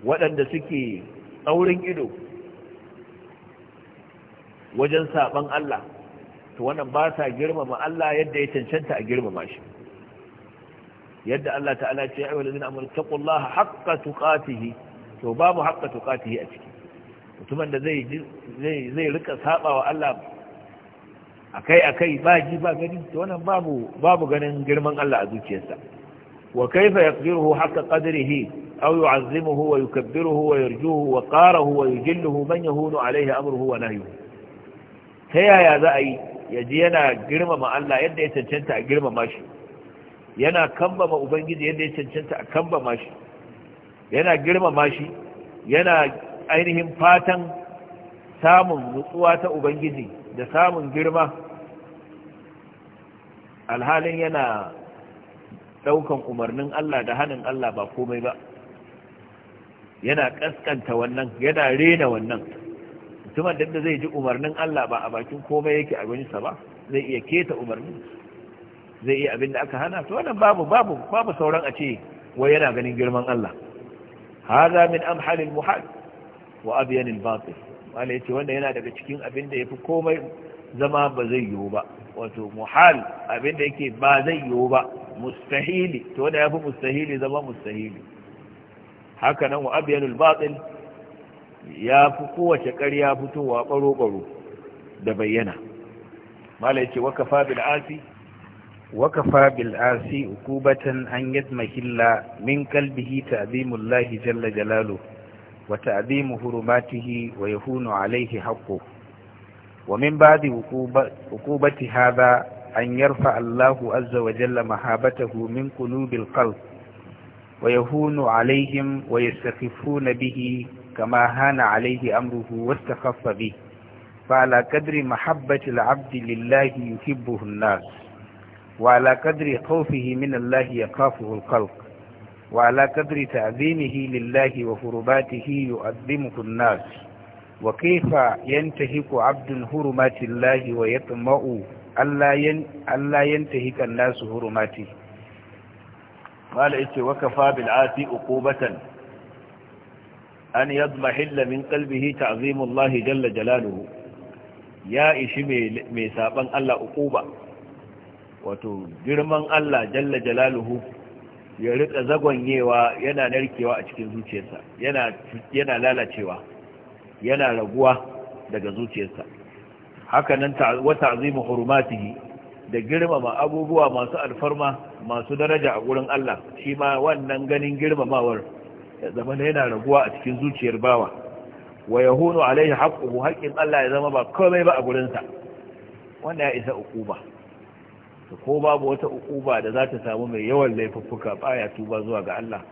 wadanda suke tsaurin ido wajen saban Allah to wannan ba sa girmama Allah yadda ya cancanta a girmama shi yadda Allah ta'ala ce ayyuhal ladina amanu taqullaha haqqa tuqatihi to babu haqqa tuqatihi a ciki mutumin da zai zai zai rika sabawa Allah akai akai ba ji ba gani to wannan babu babu ganin girman Allah a zuciyarsa wa kaifa yaqdiruhu haqqa qadrihi aw yu'azzimuhu wa yukabbiruhu wa yarjuhu wa qarahu wa yujilluhu man yahunu alayhi amruhu wa nahyuhu ta yaya za a yi ya ji yana girmama Allah yadda ya cancanta a girmama shi yana kambama ubangiji yadda ya cancanta a kambama shi yana girmama shi yana ainihin fatan samun nutsuwa ta ubangiji da samun girma alhalin yana daukan umarnin Allah da hannun Allah ba komai ba yana kaskanta wannan yana rena wannan mutumin da zai ji umarnin Allah ba a bakin komai yake a gurinsa ba zai iya keta umarnin zai iya abin da aka hana to wannan babu babu babu sauran a ce wai yana ganin girman Allah hadha min amhalil muhal wa abyanil batil wala yace wanda yana daga cikin abin da yafi komai zama ba zai yiwu ba wato muhal abin da yake ba zai yiwu ba mustahili to wanda yafi mustahili zama mustahili haka nan wa abyanil batil ya fi kowace ƙarya fitowa ɓaro-ɓaro da bayyana malai ce waka fabil asi waka fabil asi hukubatan an yi mahilla min kalbihi lahi jalla jalalu wa ta'zimu hurumatihi wa yahunu alaihi haqqu wa min ba'di hukubati hadha an yarfa Allahu azza wa jalla mahabatahu min qulubil qalb ويهون wa ويستخفون bihi كما هان عليه أمره واستخف به فعلى قدر محبة العبد لله يحبه الناس وعلى قدر خوفه من الله يخافه الخلق وعلى قدر تعظيمه لله وهرباته يؤذمه الناس وكيف ينتهك عبد هرمات الله ويطمع ألا ينتهك الناس هرماته قال إيش وكفى بالعاتي عقوبة an yadmahilla min qalbihi Azimullahi jalla jalaluhu ya ishi mai saban Allah uquba wato girman Allah jalla jalaluhu ya rika zagonyewa yana narkewa a cikin zuciyarsa yana lalacewa yana raguwa daga zuciyarsa haka nan wa ta'zimu hurumatihi da girmama abubuwa masu alfarma masu daraja a wurin Allah shi ma wannan ganin girmamawar ya zama na yana raguwa a cikin zuciyar bawa wa yahunu alaihi haqquhu haqqin Allah ya zama ba komai ba a gurin sa wanda ya isa ukuba to ko babu wata ukuba da za ta samu mai yawan laifuffuka baya tuba zuwa ga Allah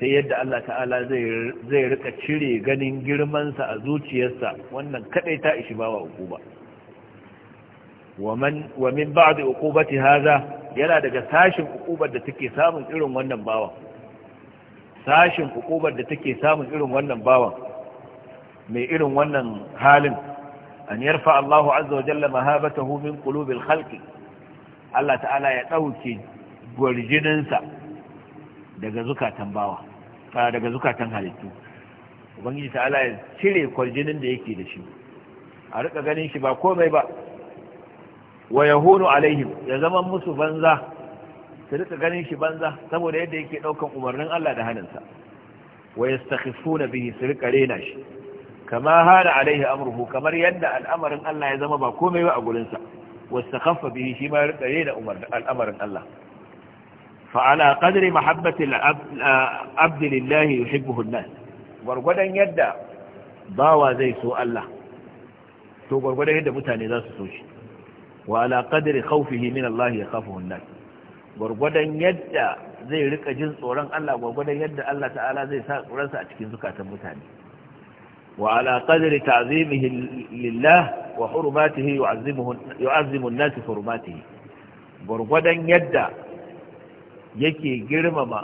sai yadda Allah ta'ala zai zai rika cire ganin girmansa a zuciyarsa wannan kadai ta ishi bawa ukuba ومن ومن بعد عقوبه هذا yana daga sashin ukubar da take samun irin wannan bawa. sashin hukumar da take samun irin wannan bawan mai irin wannan halin an yarfa Allahu azza wa jalla mahabatahu min qulubil khalqi Allah ta'ala ya dauke gwarjininsa daga zukatan bawa daga zukatan halittu ubangiji ta'ala ya cire gurjinin da yake da shi a rika ganin shi ba komai ba wa yahunu alaihim ya zama musu banza su rika ganin shi banza saboda yadda yake daukan umarnin Allah da hannunsa wa yastakhifuna bihi su rika rena shi kama Hada alaihi amruhu kamar yadda al'amarin Allah ya zama ba komai ba a gurin sa wastakhaffa bihi shi ma rika rena umarnin al'amarin Allah fa ala qadri mahabbati al-abd lillah yuhibbuhu an-nas gurgudan yadda bawa zai so Allah to gurgudan yadda mutane za su so shi wa ala qadri khawfihi min Allah yakhafuhu an-nas gwargwadon yadda zai rika jin tsoron Allah gwargwadon yadda Allah ta'ala zai sa tsoronsa a cikin zukatan mutane wa ala qadri ta'zimihi lillah wa hurmatihi yu'azzimuhu yu'azzimu an-nas hurmatihi gwargwadon yadda yake girmama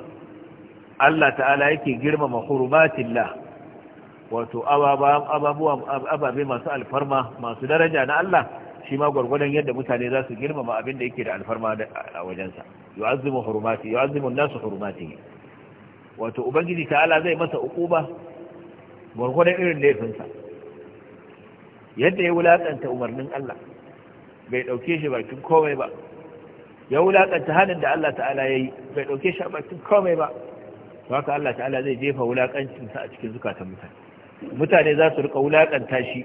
Allah ta'ala yake girmama hurmatillah wato ababuwan ababe masu alfarma masu daraja na Allah shi ma gwargwadon yadda mutane za su girmama abin da yake da alfarma a wajensa yu'azzimu hurumati yu'azzimu an-nasu hurumati wato ubangiji ta'ala zai masa ukuba gurgurdan irin laifinsa yadda ya wulakanta umarnin Allah bai dauke shi bakin komai ba ya wulakanta hanin da Allah ta'ala yayi bai dauke shi bakin komai ba haka Allah ta'ala zai jefa wulakancinsa a cikin zukatan mutane mutane za su rika wulakanta shi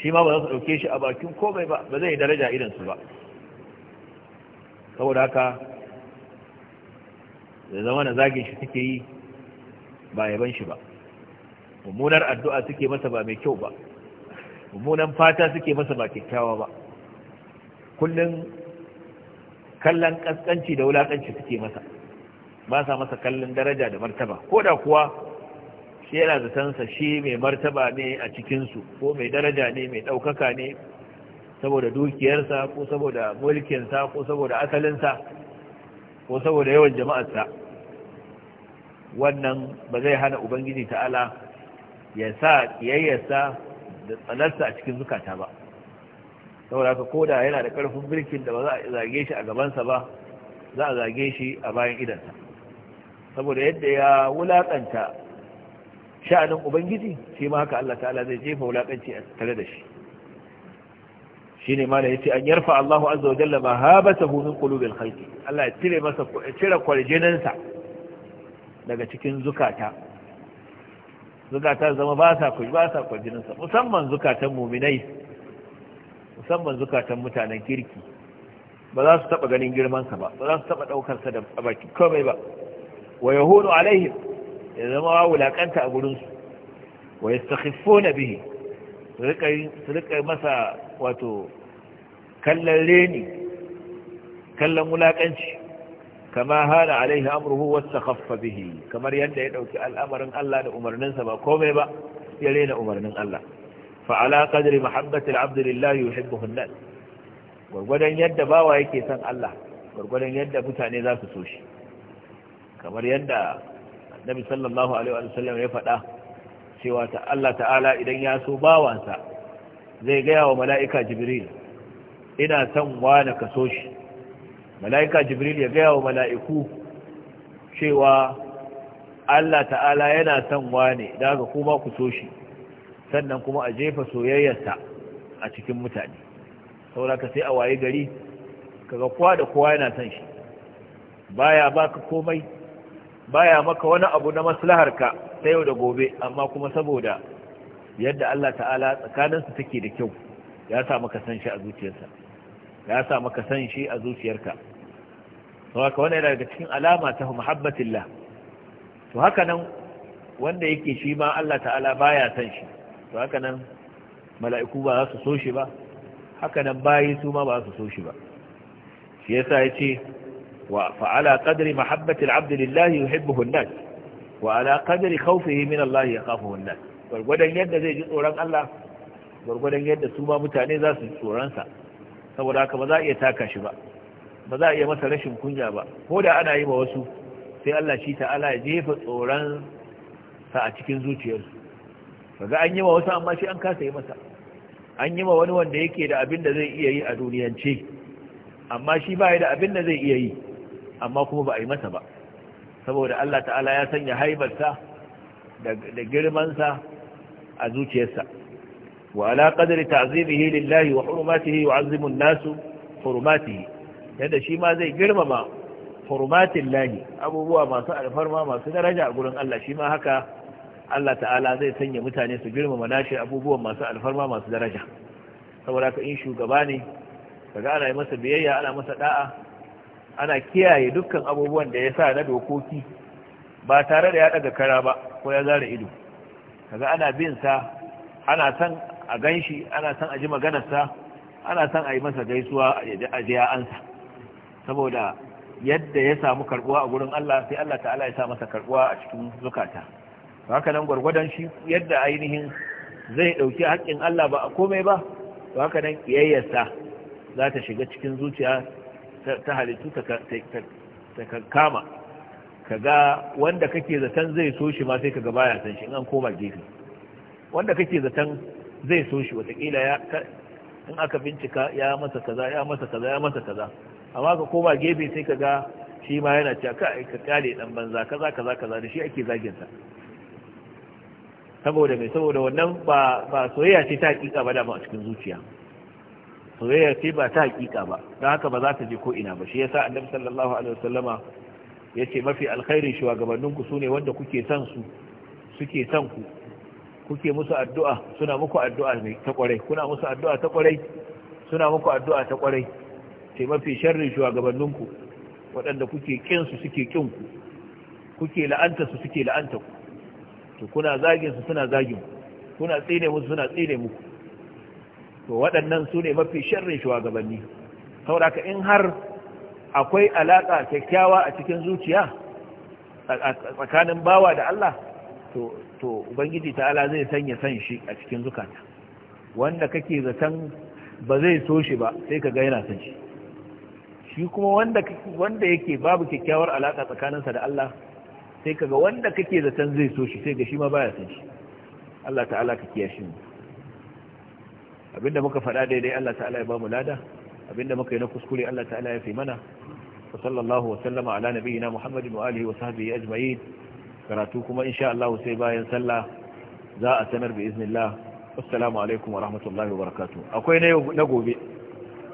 shi ma ba za su dauke shi a bakin komai ba ba zai daraja irin su ba saboda haka da zama na zagin shi suke yi ba yaban shi ba mummunar addu'a suke masa ba mai kyau ba mummunan fata suke masa ba kyakkyawa ba kullum kallon kaskanci da wulaƙanci suke masa ba sa masa kallon daraja da martaba ko da kuwa shi yana zatansa shi mai martaba ne a cikinsu ko mai daraja ne mai ɗaukaka ne saboda dukiyarsa ko saboda mulkinsa ko saboda asalinsa ko saboda yawan jama'arsa wannan ba zai hana ubangiji ta'ala ya sa ƙiyayyarsa da tsanarsa a cikin zukata ba saboda ka koda yana da ƙarfin mulkin da ba za a zage shi a gabansa ba za a zage shi a bayan idansa saboda yadda ya wulaƙanta sha'anin ubangiji shi ma haka Allah ta'ala zai jefa wulaƙanci a tare da shi Shi ne mana ya ce an yarfa Allahu azza wa jalla mahabatahu min qulubil khalq Allah ya cire masa cire kwarjinin daga cikin zukata zukata zama ba sa kuji ba sa musamman zukatan mu'minai musamman zukatan mutanen kirki ba za su taba ganin girman sa ba ba za su taba daukar sa da baki komai ba wa yahunu alaihim ya zama wa wulakanta a gurin su wa yastakhifuna bihi su rika masa wato kallon reni kallon wulakanci kama hana alaihi amruhu wasu haffa bihi kamar yadda ya ɗauki al'amarin Allah da umarninsa ba komai ba ya rena umarnin Allah fa'ala ƙadiri mahabbatul abdullahi yuhibbuhun nan gwargwadon yadda bawa yake son Allah gwargwadon yadda mutane za su so shi kamar yadda nabi sallallahu alaihi wasallam ya faɗa cewa ta Allah ta'ala idan ya so bawansa zai gaya wa mala'ika jibril ina son wane ka so shi mala'ika jibril ya gaya wa mala'iku cewa Allah ta'ala yana son wane da haka kuma ku so shi sannan kuma a jefa soyayyarsa a cikin mutane sauraka sai a waye gari kaga kowa da kowa yana son shi baya baka komai baya maka wani abu na maslaharka ta yau da gobe amma kuma saboda yadda Allah ta'ala tsakaninsu take da kyau ya sa maka san shi a zuciyarsa ya sa maka san shi a zuciyarka to haka wannan yana daga cikin alama ta muhabbatillah to haka nan wanda yake shi ma Allah ta'ala baya san shi to haka nan mala'iku ba za su so shi ba haka nan bayi su ma ba za su so shi ba shi yasa yace فعلى قدر محبة العبد لله يحبه الناس وعلى قدر خوفه من الله يخافه الناس gwargwadon yadda zai ji tsoron Allah gwargwadon yadda su ma mutane za su ji tsoronsa saboda haka ba za a iya taka shi ba ba za a iya masa rashin kunya ba ko da ana yi ma wasu sai Allah shi ta'ala ya jefa tsoron sa a cikin zuciyarsu kaga an yi ma wasu amma shi an kasa yi masa an yi ma wani wanda yake da abin da zai iya yi a duniyance amma shi ba da abin da zai iya yi amma kuma ba a yi masa ba saboda Allah ta'ala ya sanya haibarsa da girmansa a zuciyarsa wa ala qadri ta'zimihi lillahi wa hurmatihi yu'azzimu an-nasu hurmatihi yadda shi ma zai girmama hurmatin lahi abubuwa masu alfarma masu daraja a gurin Allah shi ma haka Allah ta'ala zai sanya mutane su girmama nashi abubuwan masu alfarma masu daraja saboda ka in shugaba ne kaga ana yi masa biyayya ana masa da'a ana kiyaye dukkan abubuwan da ya sa na dokoki ba tare da ya daga kara ba ko ya zara ido kaga ana bin sa ana san a ganshi ana san a ji maganarsa ana san a yi masa gaisuwa a je ya ansa saboda yadda ya samu karbuwa a gurin Allah sai Allah ta'ala ya sa masa karbuwa a cikin zukata haka nan gwargwadon shi yadda ainihin zai dauki haƙƙin Allah ba a komai ba haka nan kiyayyarsa za ta shiga cikin zuciya ta halittu ta kama ga wanda kake zaton zai so shi ma sai kaga baya san shi in an koma gefe wanda kake zaton zai so shi watakila ya in aka bincika ya masa kaza ya masa kaza ya masa kaza amma ka koma gefe sai ka ga shi ma yana cewa ka aika kare dan banza kaza kaza kaza da shi ake zagin sa saboda mai saboda wannan ba ba soyayya ce ta hakika ba da ma a cikin zuciya soyayya ce ba ta hakika ba don haka ba za ta je ko ina ba shi yasa annabi sallallahu alaihi wasallama yace mafi alkhairin shugabannin ku sune wanda kuke san su suke san ku kuke musu addu'a suna muku addu'a ne ta kwarai kuna musu addu'a ta kwarai suna muku addu'a ta kwarai ce mafi sharrin shugabannin ku waɗanda kuke kin su suke kin ku kuke la'anta su suke la'anta ku to kuna zagin su suna zagin ku kuna tsine musu suna tsine muku to waɗannan su ne mafi sharrin shugabanni saboda in har akwai alaƙa kyakkyawa a cikin zuciya tsakanin bawa da Allah to ubangiji ta'ala zai sanya san shi a cikin zukata wanda kake zaton ba zai so shi ba sai ka ga yana san shi shi kuma wanda wanda yake babu kyakkyawar alaka tsakaninsa da Allah sai kaga wanda kake zaton zai so shi sai ga shi ma baya san shi Allah ta'ala ka kiyashe mu abinda muka faɗa daidai Allah ta'ala ya ba mu lada abinda muka yi na kuskure Allah ta'ala ya fi mana wa sallallahu wa sallama ala nabiyyina Muhammadin wa alihi wa sahbihi ajma'in karatu kuma insha Allah sai bayan sallah za a sanar bi iznillah assalamu alaikum wa rahmatullahi wa barakatuh akwai na gobe